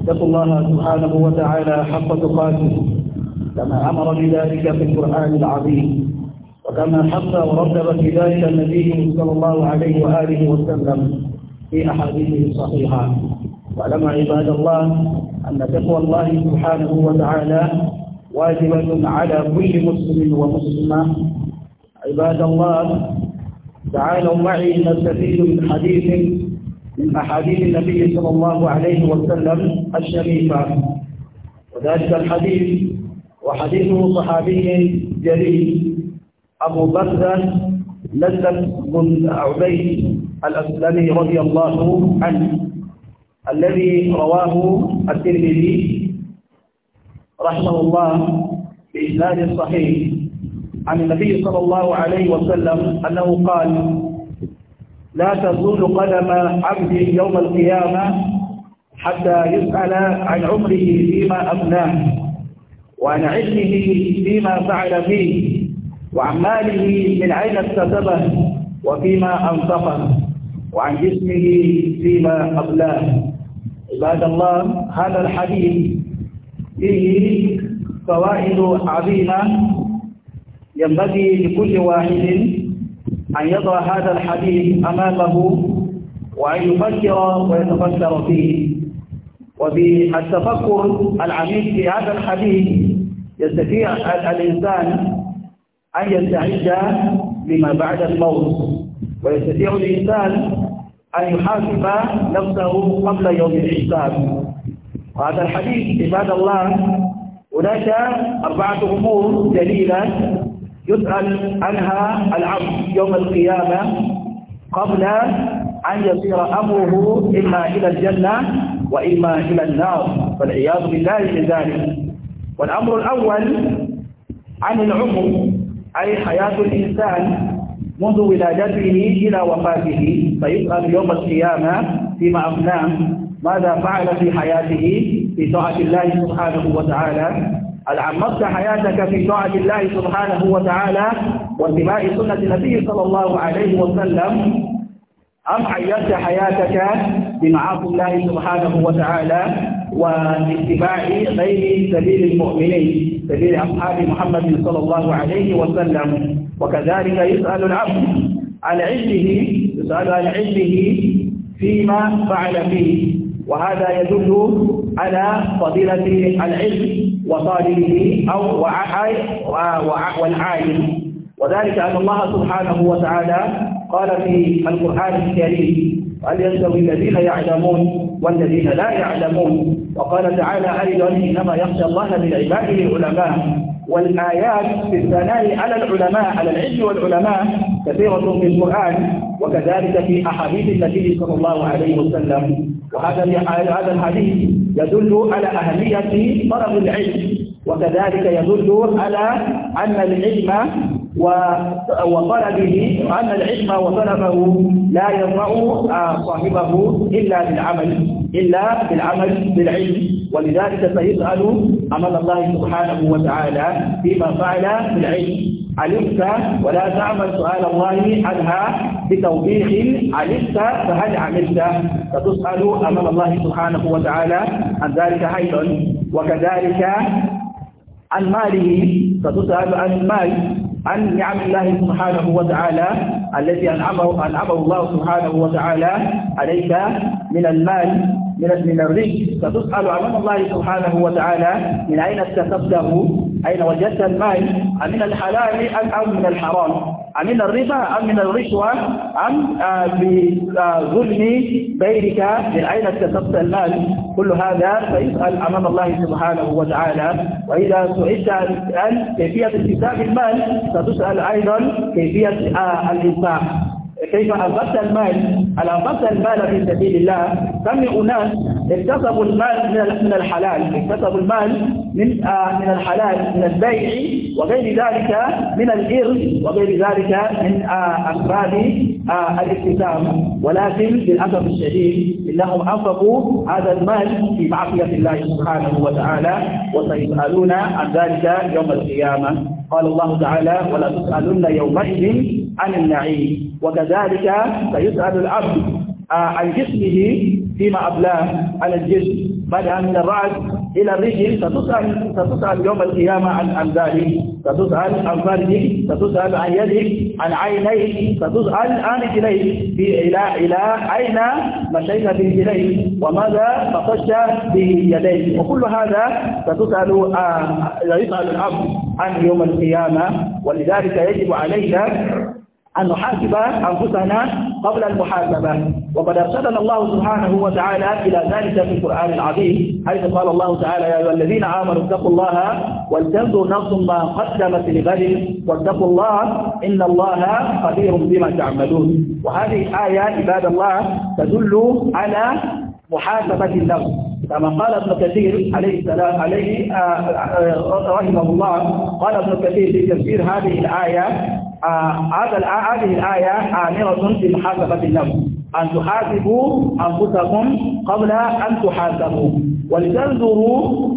اتقوا الله سبحانه وتعالى حق تقاته كما أمر بذلك في القرآن العظيم وكما حث ورتب في ذلك النبي صلى الله عليه وآله وسلم في أحاديثه الصحيحة واعلم عباد الله أن تقوى الله سبحانه وتعالى واجبة على كل مسلم ومسلمة عباد الله تعالوا معي نستفيد من حديث من أحاديث النبي صلى الله عليه وسلم الشريفة وذلك الحديث وحديثه صحابي جليل أبو بكر لذة بن عبيد الأسلمي رضي الله عنه الذي رواه الترمذي رحمه الله بإسناد صحيح عن النبي صلى الله عليه وسلم أنه قال لا تزول قدم عبد يوم القيامة حتى يسأل عن عمره فيما أبناه وعن علمه فيما فعل فيه وعن ماله من عين اكتسبه وفيما أنفقه وعن جسمه فيما أبلاه عباد الله هذا الحديث فيه فوائد عظيمة ينبغي لكل واحد أن يضع هذا الحديث أمامه وأن يفكر ويتفكر فيه وبالتفكر العميق في هذا الحديث يستطيع الإنسان أن يستعد لما بعد الموت ويستطيع الإنسان أن يحاسب نفسه قبل يوم الحساب وهذا الحديث عباد الله هناك أربعة أمور جليلة يسأل عنها العبد يوم القيامة قبل أن يصير أمره إما إلى الجنة وإما إلى النار فالعياذ بالله من ذلك والأمر الأول عن العمر أي حياة الإنسان منذ ولادته إلى وفاته فيسأل يوم القيامة فيما أفناه ماذا فعل في حياته في طاعة الله سبحانه وتعالى عمرت حياتك في طاعة الله سبحانه وتعالى واتباع سنة النبي صلى الله عليه وسلم أم حيات حياتك بمعاصي الله سبحانه وتعالى واتباع غير سبيل المؤمنين سبيل أصحاب محمد صلى الله عليه وسلم وكذلك يسأل العبد عن علمه يسأل عن علمه فيما فعل فيه وهذا يدل على فضيلة العلم وطالبه أو والعالم وذلك أن الله سبحانه وتعالى قال في القرآن الكريم هل يستوي الذين يعلمون والذين لا يعلمون وقال تعالى أيضا إنما يخشى الله من عباده العلماء والآيات في الثناء على العلماء على العلم والعلماء كثيرة في القرآن وكذلك في أحاديث النبي صلى الله عليه وسلم وهذا هذا الحديث يدل على أهمية طلب العلم وكذلك يدل على أن العلم وطلبه أن العلم وطلبه لا ينفع آه، صاحبه إلا بالعمل إلا بالعمل بالعلم ولذلك سيسأل عمل الله سبحانه وتعالى فيما فعل بالعلم علمت ولا تعمل سؤال الله عنها بتوبيخ علمت فهل عملت فتسأل أمام الله سبحانه وتعالى عن ذلك أيضا وكذلك عن ماله فتسأل عن المال عن نعم الله سبحانه وتعالى التي أنعمه, أنعمه الله سبحانه وتعالى عليك من المال من من الري ستسأل أمام الله سبحانه وتعالى من أين اكتسبته أين وجدت المال أمن الحلال أم من الحرام أمن الربا أم من الرشوة أم آه، بظلم غيرك من أين اكتسبت المال كل هذا فيسأل أمام الله سبحانه وتعالى وإذا سعدت عن كيفية اكتساب المال ستسأل أيضا كيفية آه، الإنفاق كيف أنفقت المال هل أنفقت المال في سبيل الله كم أناس اكتسبوا المال من الحلال اكتسبوا المال من آه، من الحلال من البيع وغير ذلك من الإرث وغير ذلك من آه، أسباب آه، الاكتساب ولكن للأسف الشديد إنهم أنفقوا هذا المال في معصية الله سبحانه وتعالى وسيسألون عن ذلك يوم القيامة قال الله تعالى ولا تسألن يومئذ عن النعيم وكذلك سيسأل العبد آه، عن جسمه فيما أبلاه على الجسم بدءا من الرأس إلى الرجل ستسأل, ستسأل يوم القيامة عن, عن ذلك ستسأل عن فرجك ستسأل عن يدك عن عينيك ستسأل عن في إلى إلى أين مشيت برجليك وماذا بطشت بيديك وكل هذا ستسأل آه، يسأل العبد عن يوم القيامة ولذلك يجب علينا أن نحاسب أنفسنا قبل المحاسبة وقد أرشدنا الله سبحانه وتعالى إلى ذلك في القرآن العظيم حيث قال الله تعالى يا أيها الذين آمنوا اتقوا الله ولتنظر نفس ما قدمت لغد واتقوا الله إن الله خبير بما تعملون وهذه الآية عباد الله تدل على محاسبة النفس كما قال ابن كثير عليه السلام عليه آه، آه، رحمه الله قال ابن كثير في تفسير هذه الآية آه، هذا هذه الآية آمرة بمحاسبة النفس أن تحاسبوا أنفسكم قبل أن تحاسبوا ولتنظروا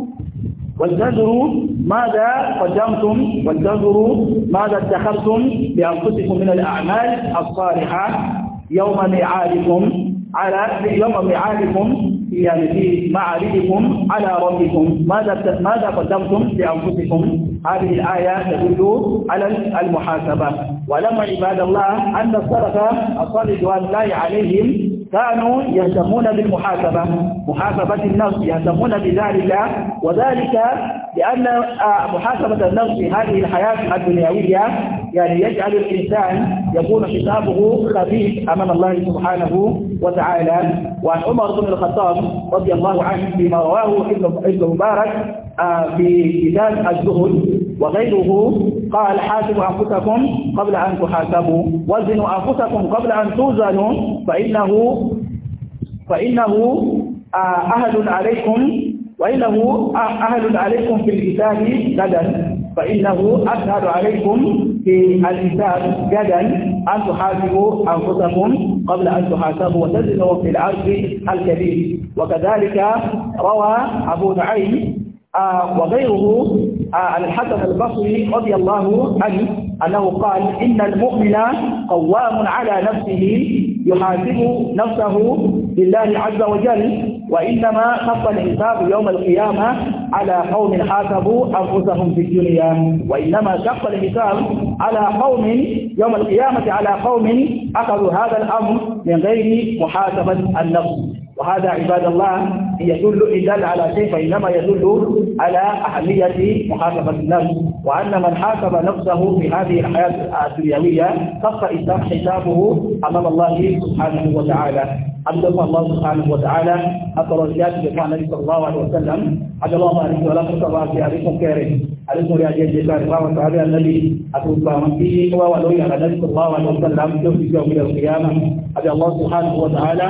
ولتنظروا ماذا قدمتم ولتنظروا ماذا اتخذتم بأنفسكم من الأعمال الصالحة يوم ميعادكم على يوم ميعادكم يعني في معارضكم على ربكم ماذا ماذا قدمتم لانفسكم هذه الايه تدل على المحاسبه ولما عباد الله ان الصدقة الصالح والله عليهم كانوا يهتمون بالمحاسبة محاسبة النفس يهتمون بذلك وذلك لأن آه، محاسبة النفس في هذه الحياة الدنيوية يعني يجعل الإنسان يكون حسابه خبيث أمام الله سبحانه وتعالى وعن عمر بن الخطاب رضي الله عنه فيما رواه ابن مبارك آه، في كتاب الزهد وغيره قال حاسبوا أنفسكم قبل أن تحاسبوا وزنوا أنفسكم قبل أن توزنوا فإنه فإنه آه، أهل عليكم وإنه آه، أهل عليكم في الكتاب غدا فإنه أسهل عليكم في الكتاب غدا أن تحاسبوا أنفسكم قبل أن تحاسبوا وتزنوا في العرض الكبير وكذلك روى أبو نعيم آه، وغيره عن آه، الحسن البصري رضي الله عنه أنه قال إن المؤمن قوام على نفسه يحاسب نفسه لله عز وجل وإنما خف الحساب يوم القيامة على قوم حاسبوا أنفسهم في الدنيا وإنما شق الحساب على قوم يوم القيامة على قوم أخذوا هذا الأمر من غير محاسبة النفس وهذا عباد الله يدل يدل على كيف إنما يدل على أهمية محاسبة النفس وأن من حاسب نفسه في هذه الحياة الدنيوية صف حسابه أمام الله سبحانه وتعالى عبد الله سبحانه وتعالى أترجات لقاء النبي صلى الله عليه وسلم عبد الله عليه ولا تصبع في عليكم كارم عليكم يا جيد كارم الله تعالى النبي أتوقع من فيه ولو النبي صلى الله عليه وسلم يوم القيامة عبد الله سبحانه وتعالى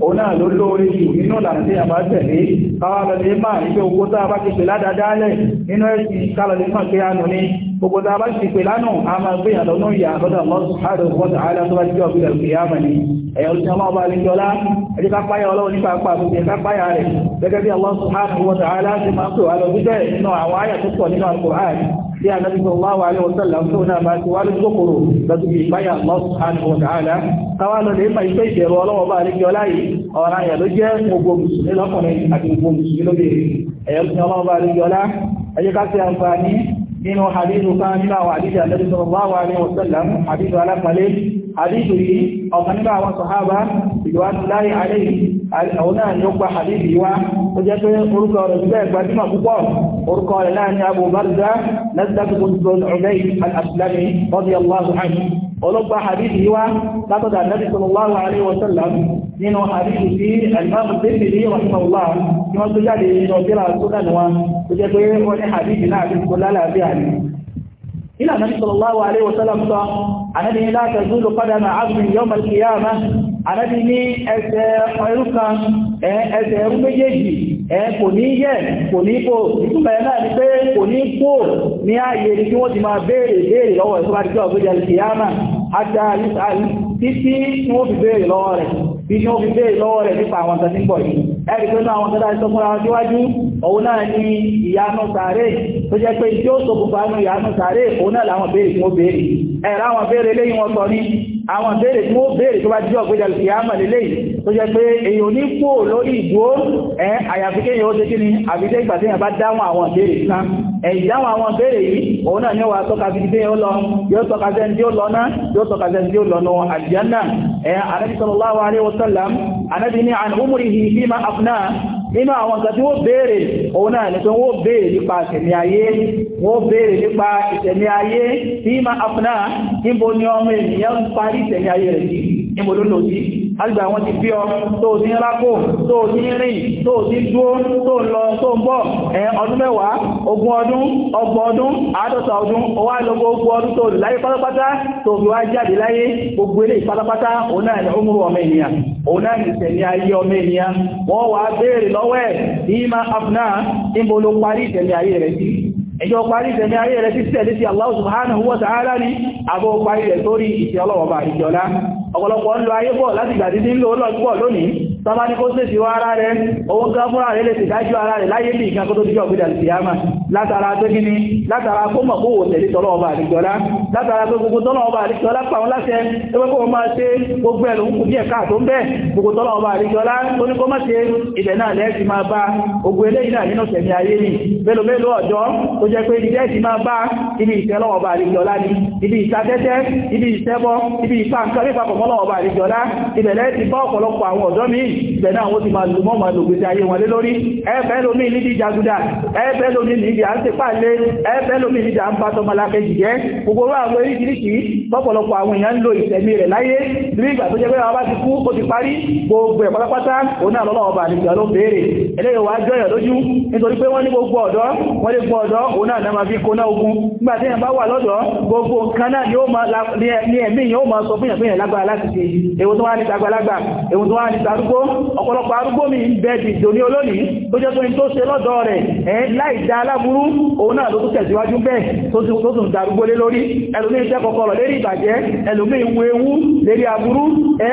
òun náà ló lóore jù nínú ìlànà tí a bá tẹ̀lé káwà lọ́lẹ́ máa ní pé ogbó tá a bá ti pè ládàádálẹ̀ nínú ẹ̀sìn kálọ̀lẹ́ máa pé ánù ní gbogbo tá a bá ti pè lánù a máa gbé ìyàlọ́ ní ìyà lọ́dọ̀ Allah subhanahu wa ta'ala tí a nàbí sallallahu alaihi wasallam tó náà bá ti wá ní kòkòrò lọ́tún bí ìpáyà Allah subhanahu wa ta'ala káwà lọ lè máa ìfẹ́ ìṣẹ̀rọ ọlọ́wọ́ bá rí kí ọlá yìí ọ̀rọ̀ àyà ló jẹ́ gbogbo mùsùlùmí lọ́kùnrin àti gbogbo mùsùlùmí lóbìnrin ẹ̀yọ́ ní ọlọ́wọ́ bá rí kí ọlá ẹjẹ́ ká sí àǹfààní nínú hadithu kan nínú àwọn hadithu ànábì sallallahu alaihi wasallam hadithu alápàlẹ́ hadithu yìí ọ̀kan nínú àwọn sahaba ìdíwájú láyé aléyìí àwọn náà ni ó gba hadithi wá ó jẹ́ pé orúkọ rẹ̀ ti bẹ́ẹ̀ gbajúmọ̀ púpọ̀ orúkọ rẹ̀ náà ni abu barza nasdaq bin ubayd al-aslami radiyallahu anhu ọlọ́gba hadithi wá látọ̀dà nabi sallallahu alaihi wa sallam nínú hadithi sí al-imam tirmidhi náà ti kó النبي صلى الله عليه وسلم قال أنا لا قدم عبد يوم القيامة anábì ní ẹsẹ̀ ẹrú kan ẹsẹ̀ ẹrú méjèèjì kò ní yẹ kò ní kò ìtumọ̀ ẹ̀ náà ni pé kò ní kò ní ààyè ni kí wọ́n ti máa béèrè béèrè lọ́wọ́ ẹ̀kọ́ bá ti jọ ọ̀gbẹ́jà kìyàmà àti àìsàn títí ni wọ́n fi béèrè lọ́wọ́ ni ìyanu sàárè tó jẹ́ pé tí ó sọ bùbá nù ìyanu sàárè òun náà làwọn béèrè àwọn béèrè tí wọ́n béèrè tó bá jí ọ̀gbẹ́jà lè yá màlélé tó jẹ́ pé èyàn ní kó lórí ìdúró ẹ àyàfi kéyàn ó ṣe kí ni àbídẹ́ ìgbà tí yàn bá dáhùn àwọn béèrè tán ẹ̀yìn dáhùn àwọn béèrè yìí òun náà ní wà tọ́ka bí tí yóò lọ yóò tọ́ka sẹ́ni tí ó nínú àwọn nǹkan tí wọ́n béèrè òun náà ní pé wọ́n béèrè nípa ìṣẹ̀mí ayé wọ́n béèrè nípa ìṣẹ̀mí ayé tí ma afúnà níbo ni ọmọ ènìyàn ń parí ìṣẹ̀mí ayé rẹ̀ sí níbo ló sí àgbà wọn ti fi ọ tó ní rákò tó ní rìn tó ní dúó tó ń lọ tó ń bọ̀ ẹ ọdún mẹ́wàá ogún ọdún ọgbọ̀n ọdún àádọ́ta ọdún ó wá lọ gbogbo ọdún tó láyé pátápátá tó fi wá jáde láyé gbogbo ilé pátápátá òun náà ni ó múrù ọmọ ènìyàn òun náà ni ìṣẹ̀ni ayé ọmọ ènìyàn wọ́n wá béèrè lọ́wọ́ ẹ̀ ní ẹjọ́ parí ìṣẹ̀mí ayé rẹ̀ sí tẹ̀lé sí Allah subhanahu wa ta'ala ní àbọ̀ parí rẹ̀ sórí ìṣẹ́ ọlọ́wọ̀ ìjọlá ọ̀pọ̀lọpọ̀ ń lo ayé bọ̀ láti ìgbà títí ń lo ọlọ́gbọ̀ lónìí tọ́bá ní kó sèṣì wá ara rẹ̀ òun gan fúnra rẹ̀ lè sì dájú ara rẹ̀ láyé bí ìkan kó tó díjọ́ ògbédà sí àmà látara tó gíní látara kó mọ̀ kó wò tẹ̀lé tọ́lọ́ ọba àdìjọ́lá látara tó gbogbo tọ́lọ́ ọba àdìjọ́lá pàwọn láṣẹ ẹgbẹ́ kó máa ṣe gbogbo ẹ̀lú kù díẹ̀ káà tó ń bẹ́ gbogbo tọ́lọ́ ọba àdìjọ́lá tó ní kó má ṣe ilẹ̀ náà lẹ́ẹ̀ ti máa bá gbogbo eléyìí náà nínú ni mélòó mélòó ọjọ́ tó jẹ́ ni ti bá ọ̀pọ̀lọpọ̀ àwọn ọ̀dọ́ míì ibẹ̀ náà wọ́n ti máa lò mọ́mọ̀ lògbèsè ayé wọn lé lórí ẹ̀ẹ́fẹ́ lómi nídìí jagunda ẹ̀ẹ́fẹ́ ní ìgbà tó jẹ́ pé ní gbogbo ọ̀dọ́ wọ́n gbogbo ni ẹ̀mí yóò máa sọ fún èèyàn pé èèyàn lágbára láti ṣe èwo tó wá ní tagbalagba èwo tó wá ní tarúgbó ọ̀pọ̀lọpọ̀ arúgbó mi ń bẹ di ìdòní olónìí tó jẹ́ pé tó ṣe lọ́dọ̀ rẹ̀ ẹ̀ láì dá aláburú òun náà ló tún tẹ̀síwájú bẹ́ẹ̀ tó tún darúgbó lé lórí ẹlòmí iṣẹ́ kọkọrọ̀ lérí ìbàjẹ́ ẹlòmí ìwé ewu lérí aburú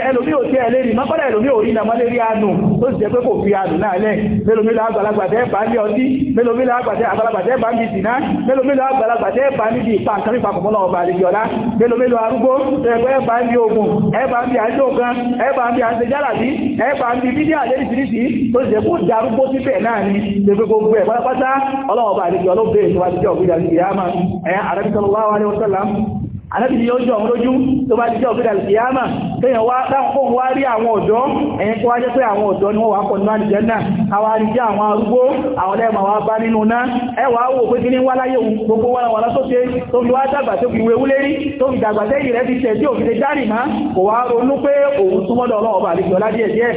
ẹlòmí ò tí ẹ lérí mọ́kànlá ẹlòmí ò rí ìnàmọ́ lérí àánú tó sì jẹ́ pé kò fi àánú náà lẹ̀ mélòmí lágbàlagbàtẹ́ bá ní ọtí mélòmí lágbàlagbàtẹ́ bá ní ìsìná mélòmí lágbàlagbàtẹ́ bá ní ìpa nǹkan nípa kọ̀mọ́lọ́ ọba àlejòlá mélòmí lọ arúgbó ẹgbẹ́ bá ní ogun ẹ bá ní àjọ kan ẹ bá ní àjẹjálàbí ẹ ẹgbà ń bí bídí àlẹ́rìsìrìsì tó ṣe kó darúgbó síbẹ̀ náà ni gbogbo gbogbo ẹ̀ pátápátá ọlọ́wọ́ bá àdéjọ́ ló bèèrè tó wá sí ọ̀gbìn àti ìyá máa ẹ̀ àrẹ́bísọ̀lọ́wọ́ wa ní wọ́n àlẹ́bì ni yóò jọ ọmọ lójú tó bá jíjọ òfin àlìsíyámà tẹ́yàn wá dáhùn kó wá rí àwọn ọ̀dọ́ ẹ̀yìn tó wá jẹ́ pé àwọn ọ̀dọ́ ni wọ́n wà pọ̀ nínú àlìjẹ́nà àwọn àríjẹ́ àwọn arúgbó àwọn ẹ̀mà wá bá nínú náà ẹwà wò pé kí ní wá láyé gbogbo wọn wọn lọ́sọ́sẹ́ tó fi wá dàgbà tó fi wé wúlé rí tó fi dàgbà tẹ́yìn rẹ̀ ti tẹ̀ tí òfin dárì má kò wá ronú pé òun súnmọ́ lọ́wọ́ ọba àlejò ọlá díẹ̀ díẹ̀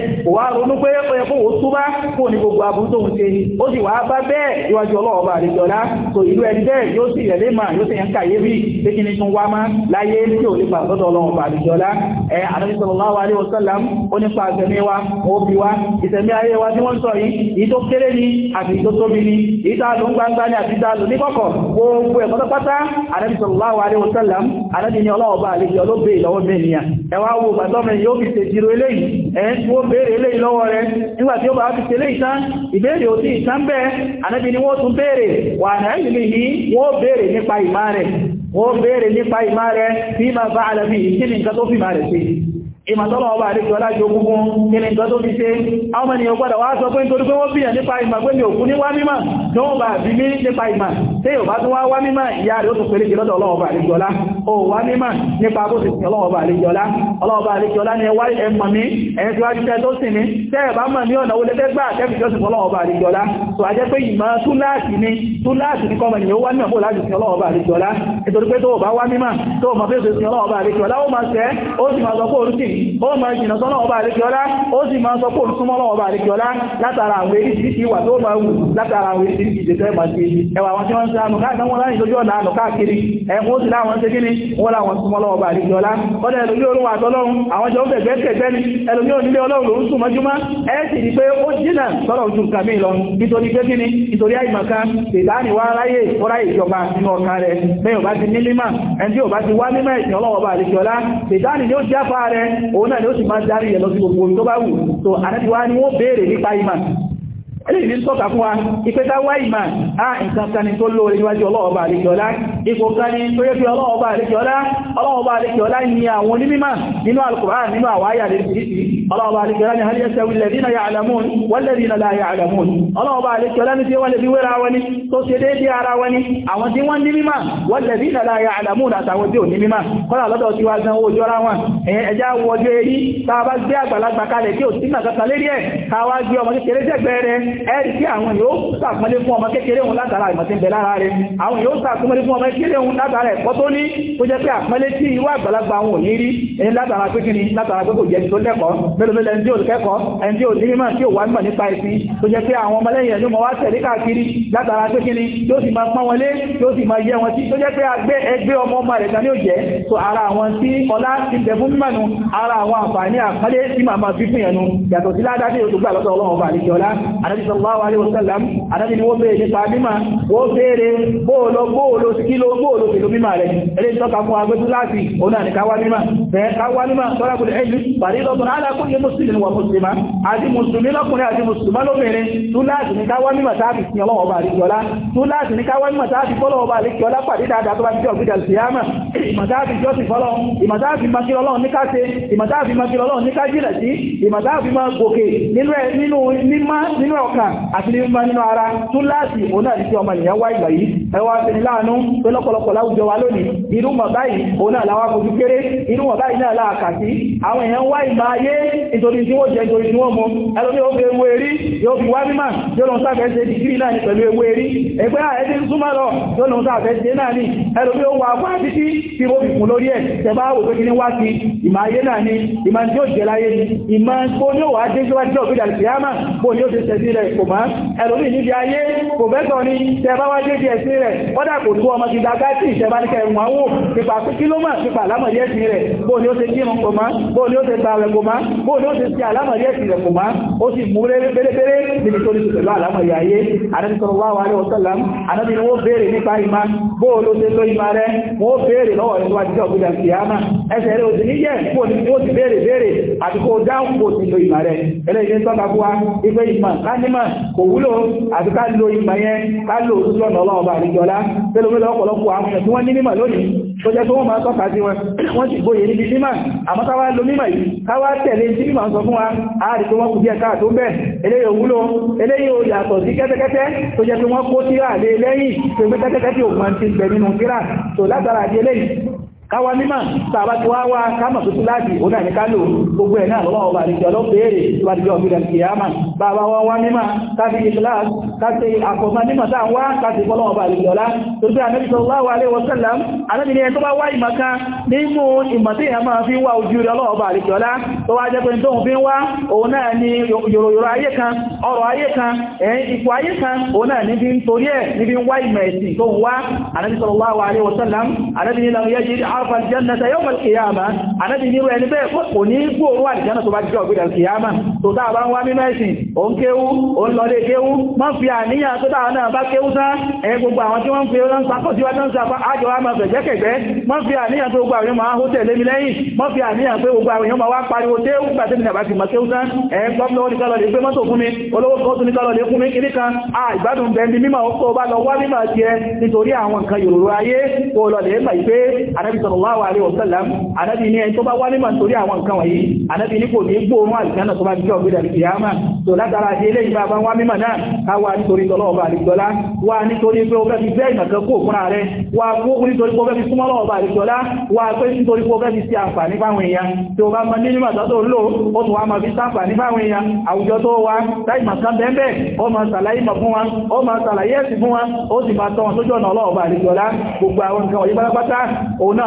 wá wá bá bẹ́ẹ̀ iwájú ọlọ́wọ́ ni tún láyé tí ò nípa sọ́dọ̀ ọlọ́run bàbíjọ́lá ẹ sallallahu alaihi wasallam ó nípa àtẹ̀mí wa òbí wa ìtẹ̀mí ayé wa tí wọ́n sọ yìí èyí tó kéré ni àti èyí tó tóbi ni èyí tá lò ń gbangba ni àti tá lò ní kọ̀kọ̀ gbogbo ẹ̀kọ́ tó pátá ànábì sallallahu alaihi wasallam ànábì ni ọlọ́run bá àlejò ọlọ́bẹ̀ ìlọ́wọ́ mẹ́niyàn ẹ wá wo gbàtọ́mẹ̀ yóò fi ṣèjìrò eléyìí ẹ̀ ń wó béèrè eléyìí lọ́wọ́ rẹ̀ nígbà tí ó bá fi ṣe léyìí tán ìbéèrè òsì ìtàn bẹ́ẹ̀ ànábì ni wọ́n tún béèrè wà náà ìlú yìí wọ́n béèrè nípa ìmá rẹ̀ wọ́n béèrè nípa ìmá rẹ̀ bí ma bá alàbí ìkíni nǹkan tó fi máa rẹ̀ sí ìmọ̀tọ́lọ̀ ọba àríkì ọlájì ogúngún kíni ìjọ tó fi ṣe àwọn ènìyàn gbọ́dọ̀ wá sọ pé nítorí pé wọ́n bíyàn nípa ìmọ̀ pé ní òkú ní wá mímọ̀ tí wọ́n bá bí mí nípa ìmọ̀ tí yóò bá tún wá wá mímọ̀ ìyá rẹ̀ ó tún pèrè jìlọ́dọ̀ ọlọ́ọ̀bà àríkì ọlá ó wá mímọ̀ nípa bó ti sìn ọlọ́ọ̀bà àríkì ọlá ọlọ́ọ̀bà àríkì ọlá ni ẹwà ẹmọ̀ mi ẹ̀yìn tí wá jíṣẹ́ tó sì ní tẹ́ ẹ̀bá mọ̀ ní ọ̀nà olẹ́ tẹ́gbà tẹ́bì tí ó sì fọlọ́ọ̀bà àríkì ọlá tó a jẹ́ pé ìmọ̀ túláàsì ni túláàsì ni kọ́mọ̀ ni ó wá mímọ̀ láti sin ọlọ́ọ̀bà àríkì ọlá nítorí pé tó bá wá mímọ̀ tó mọ̀ pé ó sì sin ó máa jìnà sọ́nà ọba àríkíọ́lá ó sì máa sọ pòrò súnmọ́ ọba àríkíọ́lá látara àwọn oríṣiríṣi ìwà tó máa wù látara àwọn oríṣiríṣi ìdẹ́tẹ́ máa ṣe ẹwà àwọn tí wọ́n ń sá àmù káàkiri wọn láyìn lójú ọ̀nà àlọ́ káàkiri ẹ̀kún ó sì láwọn ṣe kíni wọ́n láwọn súnmọ́ ọba àríkíọ́lá ọdẹ ẹlòmí olóhun àtọlọ́run àwọn jọ ń fẹ̀gbẹ́ kẹ̀gbẹ́ ni ẹlòmí onílé ọlọ́run lòún sùn mọ́júmọ́ ẹ sì rí pé ó jìnà sọ́rọ̀ ojú nǹkan mi lọ nítorí pé kíni nítorí àìmọ̀kan tèdáni wá ráyè fọ́ráyè ìjọba nínú ọ̀ka rẹ̀ bẹ́ẹ̀ ò bá ti ní mímọ̀ ẹni tí ò bá ti wá mímọ̀ ẹ̀sìn ọlọ́wọ́ bá àríkíọ́lá tèdáni ni ó jáfa rẹ̀ òun náà ni ó sì máa darí ẹ̀ lọ sí gbogbo omi tó bá wù so ànábì wa ni wọ́n béèrè nípa ìmọ̀ eléyìí ní sọ́kà fún wa ìpẹta wá ìmà á nǹkan kan ni tó lóore níwájú ọlọ́ọ̀bà àríkẹ́ọlá ipò kan ni tó yẹ fi ọlọ́ọ̀bà àríkẹ́ọlá ọlọ́ọ̀bà àríkẹ́ọlá ni àwọn onímímà nínú Al-Qur'an nínú àwáyà lè fi الله بارك لنا هل يستوي الذين يعلمون والذين لا يعلمون الله بارك لنا في والذي وراوني تو سيدي اراوني tí wọ́n ní mímọ̀ والذين لا يعلمون àtàwọn tí ò ní mímọ̀ kọ́lá lọ́dọ̀ tí wá gan owó jọra wọn ẹja wọjọ́ erí tàbá gbé àgbàlagbà kalẹ̀ tí ò sí nàkàtà lérí ẹ̀ káwá gbé ọmọ kékeré jẹ́gbẹ́ rẹ̀ ẹ̀rì tí àwọn yóò sàpọ́nlé fún ọmọ kékeré wọn látara ìmọ̀ tí ń bẹ lára rẹ̀ àwọn yóò sàpọ́nlé fún ọmọ ní tó jẹ́ pé àpọ́nlé tí pé kí ni látara pé kò jẹ́ tó lẹ́kọ̀ọ́ mẹ́lẹ̀mẹ́lẹ̀ ẹni tí ò kẹ́kọ̀ọ́ ẹni tí ò ní mímọ̀ tí ò wá mímọ̀ nípa ìsìn tó jẹ́ pé àwọn ọmọlẹ́yìn ẹ̀lú mọ̀ wá tẹ̀lé káàkiri látara pé kíni yóò sì máa pán wọn lé yóò sì máa yẹ wọn sí tó jẹ́ pé agbé ẹgbẹ́ ọmọ ọmọ rẹ̀ kan ní òjẹ́ tó ara àwọn tí ọlá ti bẹ̀ fún mímọ̀ nu ara àwọn àǹfààní àpálẹ́ tí màá fi fún yẹn nu yàtọ̀ sí ládàbí yóò gbà lọ́dọ̀ ọlọ́run ọba àlejò ọlá adájú sallallahu alaihi wasallam adájú ni wọ́n bèèrè nípa mímọ̀ wọ́n bèèrè bóòlò bóòlò kílò bóòlò pẹ̀lú mímọ̀ rẹ̀ eré tọ́ka fún agbẹ́tú láti òun náà ní káwá mímọ̀ bẹ́ẹ̀ káwá lè mùsùlùmí wà mùsùlùmá àti mùsùlùmí lọ́kùnrin àti mùsùlùmá lóbìnrin tó láti ní káwá mímọ̀ táàbì sí ọlọ́wọ́ bá rí kíọlá tó láti ní káwá mímọ̀ táàbì fọ́lọ́wọ́ bá rí kíọlá pàdé dáadáa tó bá jẹ́ ọ̀gbẹ́dà ìsìyámà ìmọ̀táàbì jọ́sì fọ́lọ́ ìmọ̀táàbì makílọ́ ọlọ́run ní káṣe ìmọ̀táàbì makílọ́ ọlọ́run ní kájìlẹ̀ sí ìmọ̀táàbì máa gòkè nínú ọkàn àti mímọ́ nínú ara tó láti òun náà ti ọmọ ènìyàn wá ìgbà yìí ẹwà fẹ́ni láàánú pé lọ́pọ̀lọpọ̀ láwùjọ wa lónìí àwọn èèyàn wá ìgbà ayé nítorí tí wọ́n jẹ nítorí tí wọ́n mọ́ ẹlòmí ó fi ewu erí yóò fi wá mímà yóò lọ sáfẹ́ ṣe dìgírí náà ní pẹ̀lú ewu erí ẹgbẹ́ ẹni súnmọ́ lọ yóò lọ sáfẹ́ ṣe náà ní ẹlòmí ó wà wá títí tí mo fi kún lórí ẹ̀ tẹ̀bá wò pé kí wá sí ìmọ̀ ayé náà ní ìmọ̀ tí ó jẹ láyé ní ìmọ̀ tó ní òwà dé síwájú ọ̀gbìn bóò ní ó ti ṣe àlámọ̀rí ẹ̀sìn rẹ̀ kò máa ó sì mú rẹ́rẹ́ pérépéré níbi tó ní ṣe pẹ̀lú àlámọ̀rí ayé àrẹ́sọ̀rọ̀láwà rẹ̀ ọ̀sọ̀lám anábì ni wọ́n béèrè nípa ìmá bóò ló ṣe ló ìmá rẹ̀ wọ́n béèrè lọ́wọ́ rẹ̀ níwájú ọ̀gbẹ̀dà kìámà ẹsẹ̀ rẹ̀ tí bí màá sọ fún wa a rí pé wọ́n kù díẹ̀ káà tó bẹ́ẹ̀ eléyìí òwúlò eléyìí ò yàtọ̀ sí kẹ́tẹ́kẹ́tẹ́ tó jẹ́ pé wọ́n kó tíra lé lẹ́yìn tó gbé kẹ́tẹ́kẹ́tẹ́ ògbọ́n ti bẹ̀ nínú tíra tó látara àti eléyìí káwa mímọ̀ tàbá tí wá wá kámọ̀ tó láti ọ̀nà ní kálò gbogbo ẹ̀ náà lọ́wọ́ ọba àríkẹ́ ọlọ́bẹ̀ẹ́rẹ̀ ìwádìí ọ̀gbẹ̀rẹ̀ kìyàmà bàbá wá wá mímọ̀ káfí ìkìláàsì káfí àkọ̀mọ̀ mímọ̀ tàà wá káfí fọ́lọ́wọ́ ọba àríkẹ́ ọlá tó bí Ànábì sallallahu alaihi wasallam anábìnrin ẹni tó bá wá ìmọ̀ kan nínú ìmọ̀ tí èèyàn máa fi wá ojú rẹ̀ ọlọ́ọ̀bà àríkẹ́ ọlá tó ni yòròyòrò ayé kan ọrọ̀ ayé kan ẹ̀yìn ipò ayé kan òun náà níbi ń torí àrùfà jẹ́nà yóò mọ̀ kìyàmà ànábì nírú ẹni bẹ́ẹ̀ kò ní gbòòrò àdìjánà tó bá jẹ́ ọ̀gbẹ̀dà kìyàmà tó dáa bá ń wá mímọ̀ ẹ̀sìn ó ń kéwú ó ń lọlé kéwú má fi àníyàn tó dáa náà bá kéwú sá ẹ gbogbo àwọn tí wọ́n ń fi ó ń sakọ́ sí wájú ń sapá ájọ wa máa bẹ̀jẹ́ kẹ̀gbẹ́ má fi àníyàn tó gbogbo àwọn èèyàn máa hó tẹ̀lé mi lẹ́yìn má fi àníyàn pé gbogbo àwọn èèyàn máa wá pariwo téwú gbà tẹ́mi sallallahu alaihi wasallam anábì ní ẹni tó bá wá nímọ̀ torí àwọn nǹkan wọ̀nyí anábì ní kò ní gbóòórùn àlùjánnà tó bá jẹ́ ọ̀gbẹ́dà kìyàmá tó látara di eléyìí bá bá wá mímọ̀ náà ká wá nítorí tọ́lọ́ọ̀bà àlùjọ́lá wá nítorí pé ó fẹ́ fi bẹ́ẹ̀ ìnàkan kó fúnra rẹ̀ wá nítorí pé ó fẹ́ fi súnmọ́ lọ́ọ̀bà àlùjọ́lá wá pé nítorí pé ó fẹ́ fi ṣe àǹfààní fáwọn èèyàn tí ó bá mọ ní nímọ̀ tó lò ó tún wá máa fi ṣàǹfààní fáwọn èèyàn àwùjọ tó wá láì mọ̀ kan bẹ́ẹ̀ bẹ́ẹ̀ ó máa ṣàlàyé mọ̀ fún wa ó máa ṣàlàyé ẹ̀sìn fún wa ó sì máa tọ́ wọn sójú ọ̀nà ọlọ́ọ̀bà àlùjọ́lá gbogbo àwọn nǹkan wọ̀nyí pátápátá òun náà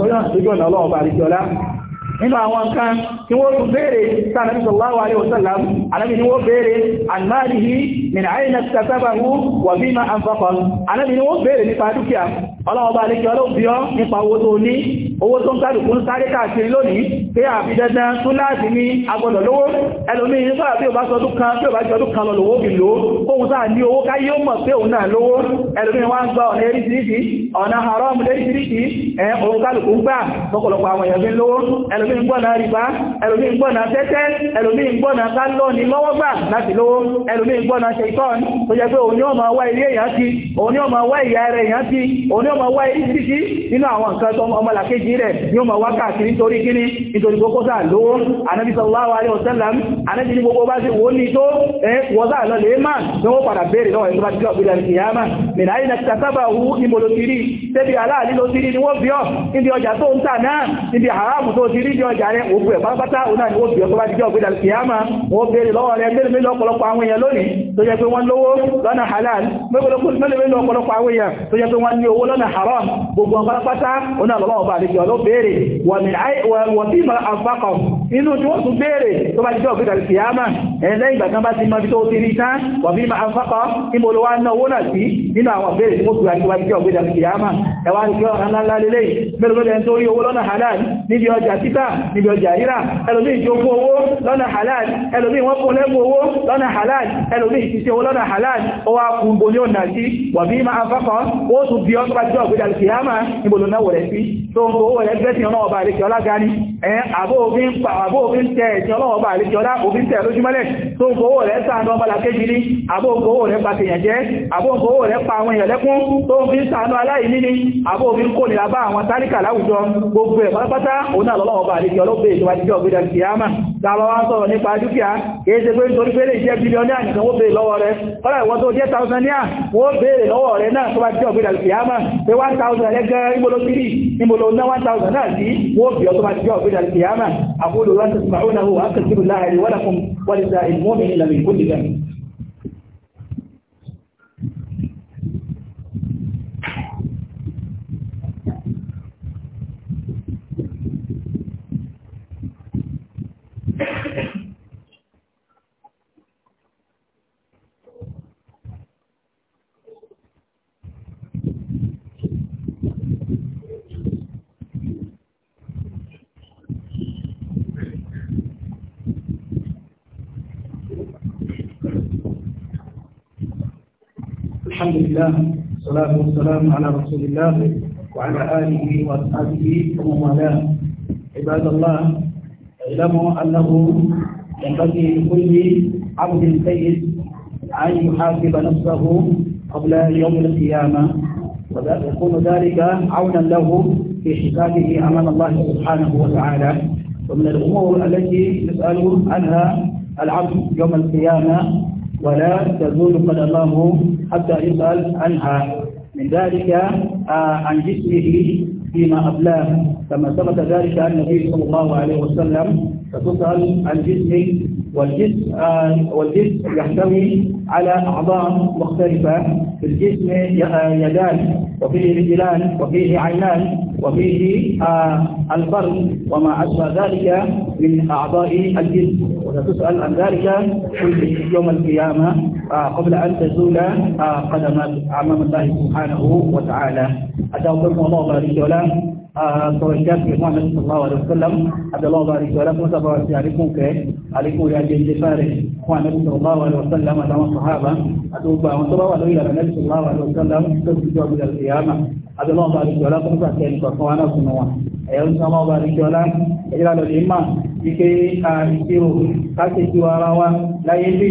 sọ́yọ́ àṣẹ́gbọ̀nà ọlọ́ọ̀bà àríkíọlá nínú àwọn kan tí wọ́n tún béèrè sánàbí sallallahu alaihi wasallam anábi ni wọ́n béèrè almalihi min aina tasabahu wa bima anfaqa anábi ni wọ́n béèrè nípa dúkìá ọlọ́ọ̀bá alẹ́kẹ́ ọlọ́bíọ́ nípa owó tó ní owó tó ń kàrùkú ń sáré káàkiri lónìí pé àfi dandan tún láti ní agbọ́dọ̀ lówó ẹlòmí nígbà bí o bá sọdún kan tí o bá jọdún kan lọ lówó bí lówó kóhun sáà ní owó káyé ó mọ̀ pé òun náà lówó ẹlòmí wá ń gba ọ̀nà eríṣiríṣi ọ̀nà haram ẹlòmí ń gbọ́nà rìbá ẹlòmí ń gbọ́nà tẹ́tẹ́ ẹlòmí ń gbọ́nà kálọ́ni lọ́wọ́gbà láti lówó ni ó máa wá ilé èèyàn ti òun ni ó máa wá ìyá rẹ̀ èèyàn ti òun ni ó máa wá ìrísìkí nínú àwọn nǹkan tó ọmọlàkejì rẹ̀ ni ó máa wá káàkiri nítorí kíní nítorí gbogbo sáà lówó anábì sallallahu alaihi wasallam anábì ní gbogbo bá ti wò ní tó ẹ wọ́n sáà lọ lè má ní wọ́n ni wọ́n fi ọ́ níbi ọjà tó ń tà níbi ọjà rẹ̀ ògbò ẹ̀ pátápátá òun náà ni wọ́n fi ọ̀tọ́ bá ti jẹ́ ọ̀gbẹ́dà kìyàmà wọ́n béèrè lọ́wọ́ rẹ̀ mélòó mélòó ọ̀pọ̀lọpọ̀ àwọn èèyàn lónìí tó jẹ́ pé wọ́n lówó lọ́nà halal mélòó mélòó ọ̀pọ̀lọpọ̀ àwọn èèyàn tó jẹ́ pé wọ́n ní owó lọ́nà haram gbogbo ọ̀pọ̀lọpátá òun náà lọ́wọ́ ọba àlejò ló béèrè wọ́n tí mọ̀ àfakọ̀ inú tí wọ́n tún béèrè tó bá ti jẹ́ ọ̀gbẹ́dà kìyàmà ẹ̀lẹ́ ìgbà kan bá ti mọ ibi tó ti rí tán wọ́n fi máa fọ́kọ́ ní mo lọ wá ná owó náà sí nínú àwọn béèrè tí mo fi rírà níbi ọjà rírà ẹlòmí ìjókó owó lọ́nà halal ẹlòmí wọ́n fún lẹ́gbò owó lọ́nà halal ẹlòmí ìfisẹ́ owó lọ́nà halal ó wá kún gbogbo ní ọ̀nà sí wà bí máa fọ́kọ́ tún bí ọ́ tó ń gbogbo ẹ̀ gbẹ́sìn ọlọ́ọ̀bà àríkẹ́ ọlá gani ẹ̀yẹn àbóòfin tẹ́ ẹ̀sìn ọlọ́ọ̀bà àríkẹ́ ọlá òfin tẹ́ lójúmọ́lẹ̀ tó ń gbogbo rẹ̀ ṣàánú ọmọlá kéjì ní àbóògbogbo rẹ̀ pa tèèyàn jẹ́ àbóògbogbo rẹ̀ pa àwọn èèyàn lẹ́kún tó ń fi ṣàánú aláìní ni àbóòfin kò nílà bá àwọn tálíkà láwùjọ gbogbo ẹ̀ pátápátá òun náà lọ́lọ́ọ̀bà àríkẹ́ ọlọ́bẹ̀ẹ́ ìjọba jíjọ́ ògbédà kìíyàmà tàbá wá sọ̀rọ̀ nípa dúkìá kìí ṣe pé nítorí pé lè jẹ́ bílíọ̀nù àìsàn ó bèèrè lọ́wọ́ rẹ̀ ọ́lá ìwọ́n tó jẹ́ tàùsàníà wọ́n bèèrè lọ́wọ́ rẹ̀ náà tó bá jẹ́ ọ̀gbẹ̀dà kìyàmà pé 1000 ẹgẹ́ ìgbòlò kiri ìgbòlò náà 1000 náà sí wọ́n bí ọ tó bá jẹ́ ọ̀gbẹ̀dà kìyàmà àkóòlò láti sùn الحمد لله والصلاة والسلام على رسول الله وعلى آله وأصحابه ومن والاه عباد الله اعلموا أنه ينبغي لكل عبد سيد أن يحاسب نفسه قبل يوم القيامة ويكون ذلك عونا له في حسابه أمام الله سبحانه وتعالى ومن الأمور التي يسأل عنها العبد يوم القيامة ولا تزول قدماه حتى يسأل عنها من ذلك آه، عن جسمه فيما أبلاه كما ثبت ذلك عن النبي صلى الله عليه وسلم فتسأل عن جسمه والجسم آه، والجسم يحتوي على أعضاء مختلفة في الجسم آه، يدان وفيه رجلان وفيه عينان وفيه آه، البر وما أشبه ذلك من أعضاء الجسم وستسأل عن ذلك كل يوم القيامة آه، قبل أن تزول آه، قدم أمام الله سبحانه وتعالى أتوقف الله بارك الله sọ̀rọ̀ ìṣẹ́ àti ìmọ̀ àmì sallallahu alaihi wasallam àbẹ̀lọ́ ọba àríkẹ́ ọlá fún sábà sí àríkún kẹ́ àríkún rí ajé ìjẹ́ sáré fún àmì sallallahu alaihi wasallam àtàwọn sàhábà àti gbogbo àwọn tó bá wà lórí ìlànà àmì sallallahu alaihi wasallam tó ti jọ ọgbẹ̀rẹ̀ sí yàmà àbẹ̀lọ́ ọba àríkẹ́ ọlá fún sábà sí àríkún kẹ́ ike ìṣirò káṣe ju ara wa láyé bí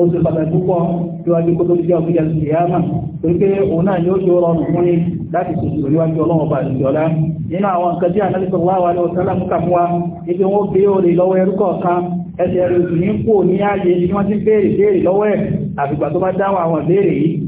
ó ti pàtàkì púpọ̀ tí wájú kó tó jẹ́ ọ̀gbìyà sí ìyáàmà torí pé òun náà ni ó ṣe rọrùn fún ni láti ṣèṣirò níwájú ọlọ́run ọba àdìjọ́lá nínú àwọn nǹkan tí ànábì sallallahu alaihi wasallam kà fún wa ibi wọn gbé òrè lọ́wọ́ ẹrú kọ̀ọ̀kan ẹsẹ̀ rẹ̀ òsì ní kú ní ààyè ni wọ́n ti béèrè béèrè lọ́wọ́ ẹ̀ àfìgbà tó bá dáhùn àwọn béèrè yìí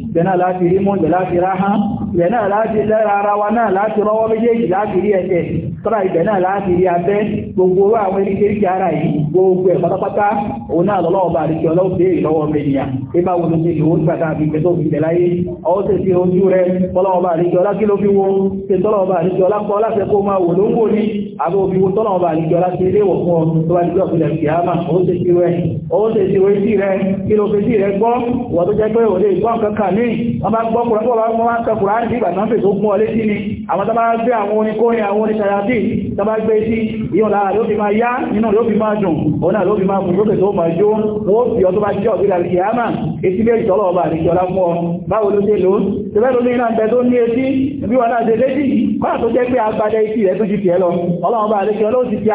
bẹ̀nà láti rí mọ́ jẹ̀ láti ráhán bẹ̀nà láti lẹ́ra ara wa náà láti rọwọ́ méjèèjì láti rí ẹ̀kẹ́ tọ́lá ibẹ̀ náà láti rí abẹ́ gbogbo owó àwọn eríkèríkè ara yìí gbogbo ẹ̀ pátápátá òun náà lọ́wọ́ bá àríkè ọlọ́wọ́ béèrè lọ́wọ́ mẹ́nìyàn pé báwo ló ṣe lòó nígbà táàbí pé tó fi tẹ̀ láyé ọwọ́ tẹ̀ sí ojú rẹ tọ́lọ́wọ́ bá àríkè ọlá kí ló fi wo ṣe tọ́lọ́wọ́ bá àríkè ọlá kọ́ láṣẹ kó máa wò ló ń wò ní àbí òbí wo tọ́lọ́wọ́ bá àríkè ọlá ṣe léwọ̀ fún ọ tó bá dìgbà fúnlẹ̀ sí àmà ó ṣe sí rẹ ó ṣe sí rẹ sí rẹ kí ló fi sí rẹ gbọ́ wọ́n tó jẹ́ pé òde ìgbọ́n kankan ní wọ́n bá gbọ́ kùrán tó bá wọ́n máa ń kẹkùrán nígbà tó ń fèsò gún ọ létí ni àwọn tàbá gbé àwọn oníkóyìn àwọn oníṣàyàtì tàbá gbé sí ìyọ̀nà ló fi máa yá nínú ló fi máa dùn òun náà ló fi máa fún lókè tó máa jó wọ́n fi ọdún bá jẹ́ ọ̀gbẹ́lá lè yàmà etí lè tọ́lọ̀ ọba àti ìjọra fún ọ báwo ló ṣe lò ó tẹ́lẹ̀ ló ní ìlànà tó ní etí bí wọn náà ṣe léjì kọ́nà tó jẹ́ pé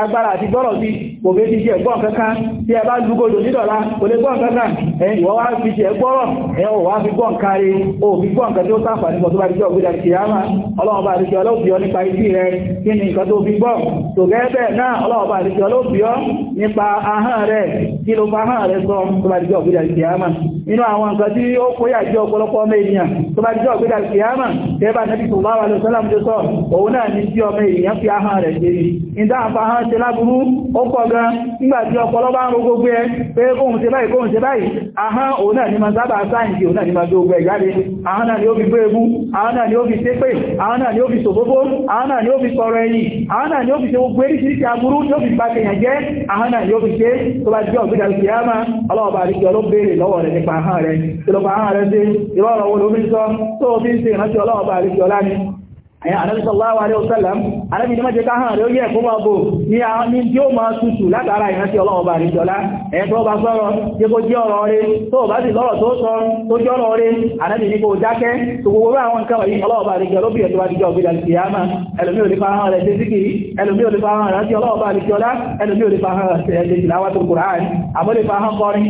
agbádẹ́ kò fẹ́ ti ṣe ẹ̀gbọ́n kankan tí ẹ bá lúgbòdò nídọ̀lá kò lè gbọ́n kankan ẹ̀ ìwọ wá fi ṣe ẹgbọ́rọ̀ ẹ̀ ò wá fi gbọ́n kárí o fi gbọ́n kan tí ó sáfà nípa tó bá ríṣẹ́ ògbédà kìyàmá ọlọ́run bá ríṣẹ́ ọlọ́bìọ́ nípa ibi rẹ kí ni nǹkan tó fi gbọ́n tó gẹ́ẹ́bẹ̀ náà ọlọ́run bá ríṣẹ́ ọlọ́bìọ́ nípa ahọ́n rẹ kí ló fa ahọ́n rẹ sọ tó bá ríṣẹ́ ògbédà kìyàmá nínú àwọn nǹkan tí ó kó yà jẹ́ ọ̀pọ̀lọpọ̀ ọmọ ènìyàn tó bá ríṣẹ́ ògbédà kìyàmá tẹ́ bá nàbí tó bá wà lọ sọ́lá òun náà ní tí ọmọ ènìyàn fi ahọ́n rẹ̀ ṣe ní ìdáhàfà ahọ́n ṣe láburú ó pọ̀ g gan nígbàtí ọpọlọ bá ń ro gbogbo ẹ pé kóhun ṣe báyìí kóhun ṣe báyìí ahán òun náà ni ma sábà sáyìntì òun náà ni ma gbé ogun ẹ̀jáde ahán náà ni ó fi gbé egú ahán náà ni ó fi ṣépè ahán náà ni ó fi ṣòfófó ahán náà ni ó fi sọ̀rọ̀ ẹ̀yìn ahán náà ni ó fi ṣe gbogbo eríṣiríṣi aburú ni ó fi kẹyàn náà ni ó fi ṣe tó bá sí ọlọ́ọ̀bà Ànábì sallallahu alaihi wasallam Ànábì ní mọ́jẹ́ káhàn rẹ̀ ó yẹ kó máa bò ní àwọn tí ó máa tutù látara ìrántí ọlọ́ọ̀bà àríjọlá ẹ̀tọ́ bá sọ̀rọ̀ jẹ́ kó jẹ́ ọ̀rọ̀ rẹ̀ tó bá sì lọ́rọ̀ tó sọ tó jẹ́ ọ̀rọ̀ rẹ̀ Ànábì ní kó dákẹ́ tó gbogbo àwọn nǹkan wọ̀nyí ọlọ́ọ̀bà àríjọlá bí ẹ̀tọ́ bá ti jọ ògbé dàlì kìyàmà ẹlòmí ò lè fa hàn rẹ̀ ṣe síkìrì ẹlòmí ò lè fa hàn rántí ọlọ́ọ̀bà àríjọlá ẹlòmí ò lè fa hàn ṣe ẹ̀ṣẹ̀ ìlàwà tó kùrán àbó lè fa hàn kọrin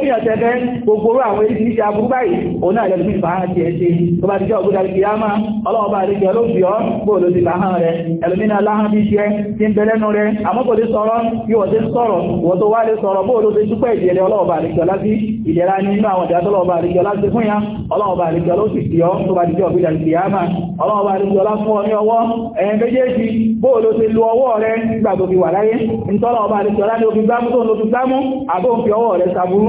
fíyàn tẹ́lẹ̀ gbogbo àwọn ìdíṣẹ́ aburú báyìí òun náà lẹ́nu fífà á ti ẹ̀ṣe tó bá ti jẹ́ ògbódà kìyàmá ọlọ́run bá àríkẹ́ olóògbìọ́ bóòlò ti bàhán rẹ̀ ẹlòmínà láhán bí jẹ́ tí ń bẹ̀lẹ́nu rẹ̀ àmọ́kòdé sọ̀rọ̀ yóò ti sọ̀rọ̀ wọ́n tó wá lè sọ̀rọ̀ bóòlò ti dúpẹ́ ìdíẹ̀lẹ́ ọlọ́ọ̀bà àríkẹ́ láti ya ọlọ́ọ̀bà àríkẹ́ ló sì fi ọ́ tó bá dìjọ́ ògbìdà kìyàmá ọlọ́ọ̀bà àríkẹ́ lá fún ọ ní ọwọ́ ẹ̀yẹn méjèèjì bóòlò ti lu ọwọ́ rẹ̀ nígbà tó fi wà láyé ìtọ́lọ́ọ̀bà àríkẹ́ lá fi ọwọ́ rẹ̀ sàbúrú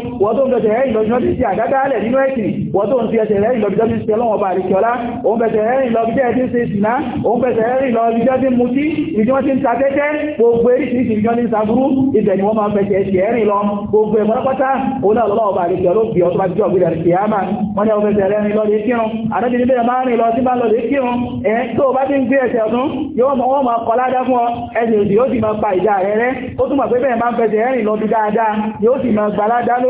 wọ́n tó ń bẹ̀tẹ̀ rẹ̀ ìlọ́bí lọ́bí sí àdádálẹ̀ nínú ẹ̀sìn wọ́n tó ń fi ẹsẹ̀ rẹ̀ ìlọ́bí lọ́bí sí ọlọ́wọ́ bá àríkẹ́ ọlá òun bẹ̀tẹ̀ rẹ̀ ìlọ́bí jẹ́ ẹ̀dín sí ìsìná òun bẹ̀tẹ̀ ti ń ta tẹ́tẹ́ gbogbo eríṣiríṣi ìjọ ní sàbúrú ibẹ̀ ni wọ́n máa ń bẹ̀tẹ̀ ẹsẹ̀ rìn lọ gbogbo ẹ̀ pátápátá òun náà lọ́wọ́ bá àríkẹ́ ọlọ́bí ọtọ́ bá jọ gbéra sí àmà wọ́n ní ọbẹ̀tẹ̀ rẹ̀ rìn lọ lè kírun àdájú ní bẹ́ẹ̀ máa rìn lọ sí bá lọ lè kírun ẹ̀ tó bá ti ń gbé ẹsẹ̀ ọ̀tún yóò mọ̀ wọ́n máa kọ ládá fún ọ ẹsẹ̀ òsì yóò sì máa pa ìjà rẹ̀ rẹ́ ó túmọ̀ pé bẹ́ẹ̀ máa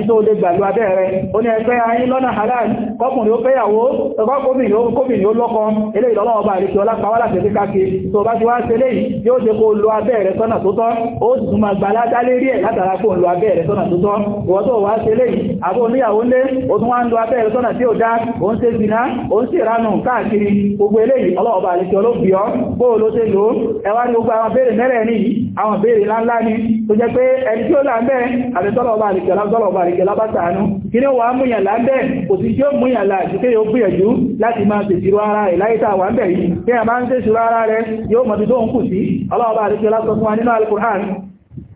àti tó lè gbàlú abẹ́ rẹ̀ ó ní ẹgbẹ́ ayín lọ́nà halal kọkùnrin ó fẹ́yàwó kóbìnrin ó lọ́kọ eléyìí lọ́wọ́ bá àríkẹ́ ọlápàá láti ẹ̀sí káàkiri tó bá ti wá ṣe léyìí yóò ṣe kó lo abẹ́ rẹ̀ sọ́nà tó tọ́ ó sì tún máa gbàlá dálé rí ẹ̀ látara kó lo abẹ́ rẹ̀ sọ́nà tó tọ́ ìwọ́n tó wá ṣe léyìí àbó oníyàwó lé ó tún wá ń lo abẹ́ rẹ̀ sọ́nà tí ó dá ó ń ṣe zina ó ń ṣèranù káàkiri gbogbo eléyìí ọlọ́wọ́ bá àríkẹ́ olóbìọ́ bó ló ni tó jẹ́ pé ẹni tí ó là ń bẹ́ẹ̀ àríkẹ́ lábátàánú kí ní wà múyàn lábẹ́ kò sí tí ó múyàn láti kí yóò gbìyànjú láti máa tèsìrò ara rẹ̀ láyítà wà ń bẹ̀ yìí kí a máa ń tèsìrò ara rẹ̀ yóò mọ̀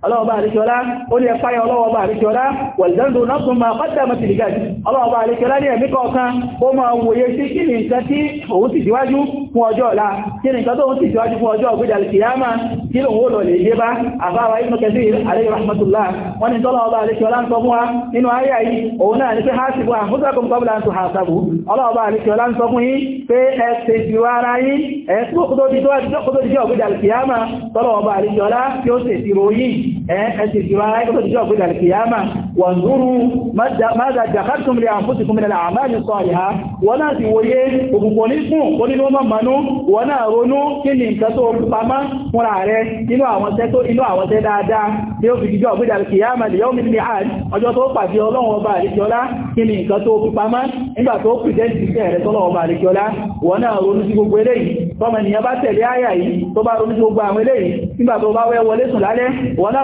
ọlọ́ọ̀bá àríkíọlá ó ní ẹ̀fáyà ọlọ́ọ̀bá àríkíọlá wọ̀lẹ́dù nọ́tún ma pàdàmà ti dìgájì ọlọ́ọ̀bá àríkíọlá ní ẹ̀mí kọ̀ọ̀kan ó máa wòye sí kí ni nǹkan tí òun ti díwájú fún ọjọ́ ọ̀la kí ni nǹkan tó òun ti díwájú fún ọjọ́ ọ̀gbẹ́dà kìyàmá kí ló wó lọ lè dé bá àbáwa ibn kathir alayhi rahmatullah wọ́n ni tọ́lọ̀ ọba àríkíọlá ń sọ fún wa nínú ayá yìí òun náà ní pé ha sì bọ́ àfúsàkùn qabla an ẹ̀ẹ́sì ìjọba ẹgbẹ̀rẹ̀ ọ̀gbẹ̀dà kìyàmà wọ̀n zúrú máza jàkàtùm lè àǹfúsìkùn mílẹ̀ àmáàlì sọ́ọ̀lá wọ́n náà ti wòye òkùnkùn ní fún onínú mọ́mọ́nú wọ́n náà ronú kí ni nǹkan tó pamá fúnra rẹ̀ nínú àwọn tẹ́ tó inú àwọn tẹ́ dáadáa tí ó fi jíjọ ọ̀gbẹ̀dà kìyàmà lè yọ́mí ní àj ọjọ́ tó pàdé ọlọ́run ọba àríkíọlá kí ni nǹkan tó fi pamá nígbà tó pìdẹ́ntì iṣẹ́ rẹ̀ tọ́lọ́run ọba àríkíọlá wọ́n náà ronú sí gbogbo eléyìí tọ́mọ ènìyàn bá tẹ̀lé àyà yìí tó bá ronú sí gbogbo àwọn eléyìí nígbà tó bá wẹ́ wọlé sùn lálẹ́ wọ́n náà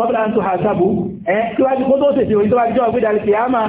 kọ́bílá ń tó ha sábú ẹ́ kíwájú kó tó tètè orí tó bá jọ ọgbẹ́dàlẹ̀ kìí á máa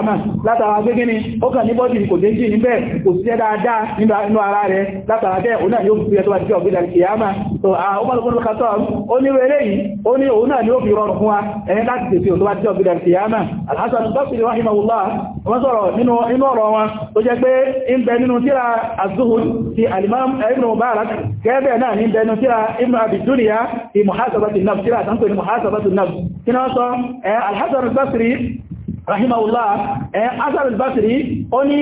kìyàmà látara pé gíní ó kàn ní bọ́dì kò déjì níbẹ̀ kò sí dáadáa nínú inú ara rẹ̀ látara bẹ́ẹ̀ òun náà ni ó fi ẹ̀tọ́ àti ọ̀gbẹ̀dà kìyàmà tó àwọ́pọ̀lọpọ̀lọ kàtọ́ ó ní rẹ̀ yìí ó ní òun náà ni ó fi rọrùn fún wa ẹni láti tètè òtọ́ àti ọ̀gbẹ̀dà kìyàmà alhassan tọ́sílẹ̀ rahimahullah wọ́n sọ̀rọ̀ nínú ọ̀rọ̀ wọn tó jẹ́ pé ń bẹ nínú tíra az-zuhud ti rahimahullah eh asar al-basri ó ní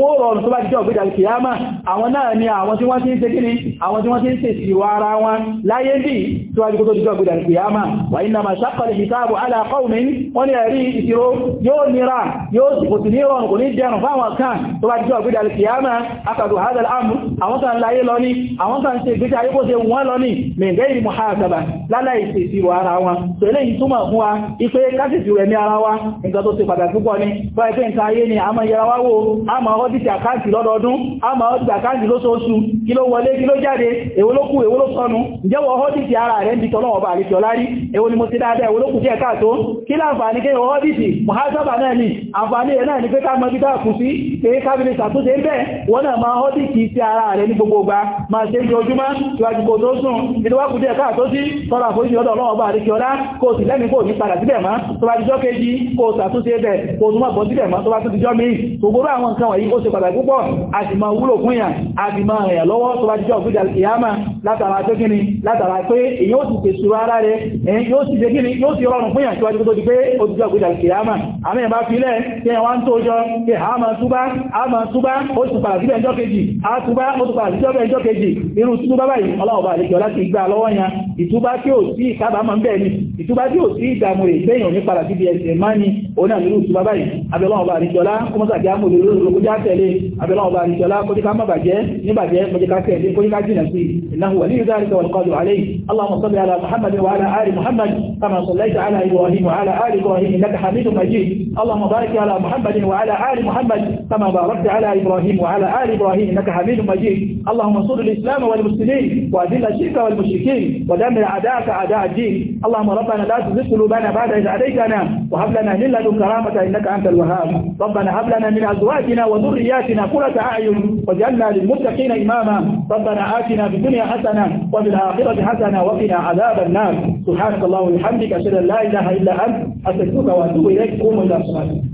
òun ó rọrùn tó bá jíjọ ògbéjà kìyàmà àwọn náà ni àwọn tí wọ́n ti ń ṣe kíni àwọn tí wọ́n ti ń ṣe ìwà ara wọn láyé bí tó wájú tó jíjọ ògbéjà kìyàmà wà ní nàmà sákọlẹ̀ ìtààbò alákọ̀ọ̀mí wọ́n ni ẹ̀rí ìṣirò yóò nira yóò sì kò kan tó bá jíjọ ògbéjà kìyàmà hadal amr àwọn kan láyé lọ ní àwọn kan ṣe ìgbésẹ̀ ayé kó ṣe wọ́n lọ ní mẹ̀gẹ́rì muhasaba láláì ṣe ìṣirò ara wọn tó eléyìí túmọ̀ fún wa ife kásìsì rẹ̀ ní ara wa nǹkan tó ni báyìí pé nǹkan ayé ni àmọ́ ìyára ọdíṣì àkáǹtì lọ́dọọdún a ma ọdíṣì àkáǹtì lóṣooṣù kí ló wọlé kí ló jáde èwo ló kù èwo ló sọnù jẹ́wọ́ ọdíṣì ara rẹ̀ ń bí tọ́lọ́wọ́ bá àríkì ọlárí èwo ni mo ti dáadáa èwo ló kù díẹ̀ káàtó kí láǹfààní kí èwo ọdíṣì mọ̀hásábà náà ni àǹfààní rẹ̀ náà ni pé ká mọ bídá kù sí pé kábílẹ̀ ṣàtúnṣe ń bẹ̀ wọ́n náà máa ọdíṣì sí ara rẹ̀ ní gbogbo ìgbà máa ṣe ní ojúmọ́ ìwájú kò tó sùn ìdíwá kù díẹ̀ ṣe pàtàkì púpọ̀ a sì máa wúlò fún yàn a sì máa rẹ̀ lọ́wọ́ tó bá jíjọ́ òfíjà ìyámà látara tó kíni látara pé èyí ó sì pè sùúrù ara rẹ̀ èyí yóò sì ṣe kíni yóò sì rọrùn fún yàn tí wájú tó di pé ó jíjọ́ òfíjà ìyámà àmì ìbá filẹ̀ tí ẹ̀ wá ń tó jọ pé a máa túbá a máa túbá ó sì pàtàkì bẹ́ẹ̀ jọ́ kejì a túbá ó sì pàtàkì bẹ́ẹ̀ jọ́ kejì irú túbá báyìí ọlọ́ọ̀bà àlejò láti gbà lọ́wọ́ yàn ìtúbá tí ò sí ìkábàámọ̀ bẹ́ẹ̀ ni ìtúbá tí ò sí ìdàmú rẹ̀ ìgbẹ́yàn ní padà síbi ẹ̀sẹ̀ máa ní oní àmìlú ìtúbá báyìí abẹ́láwọn bá àríjọlá kó mọ́sà jẹ́ àmò lórí olóògbé já tẹ̀lé abẹ́láwọn bá àríjọlá kó jẹ́ ká má bàjẹ́ níbàjẹ́ kó jẹ́ ká tẹ̀lé kó jẹ́ ká jìnà sí إنه ولي ذلك والقادر عليه اللهم صل على محمد وعلى آل محمد كما صليت على إبراهيم وعلى آل إبراهيم إنك حميد مجيد اللهم بارك على محمد وعلى آل محمد كما باركت على إبراهيم وعلى آل إبراهيم إنك حميد مجيد اللهم انصر الإسلام والمسلمين وأذل الشرك والمشركين ودمر أعداءك أعداء الدين اللهم رب ربنا لا تزغ قلوبنا بعد إذ هديتنا وهب لنا من لدنك رحمة إنك أنت الوهاب ربنا هب لنا من أزواجنا وذرياتنا قرة أعين واجعلنا للمتقين إماما ربنا آتنا في الدنيا حسنة وفي الآخرة حسنة وقنا عذاب النار سبحانك اللهم وبحمدك أشهد أن لا إله إلا أنت أستغفرك وأتوب إليك قوموا إلى صلاتكم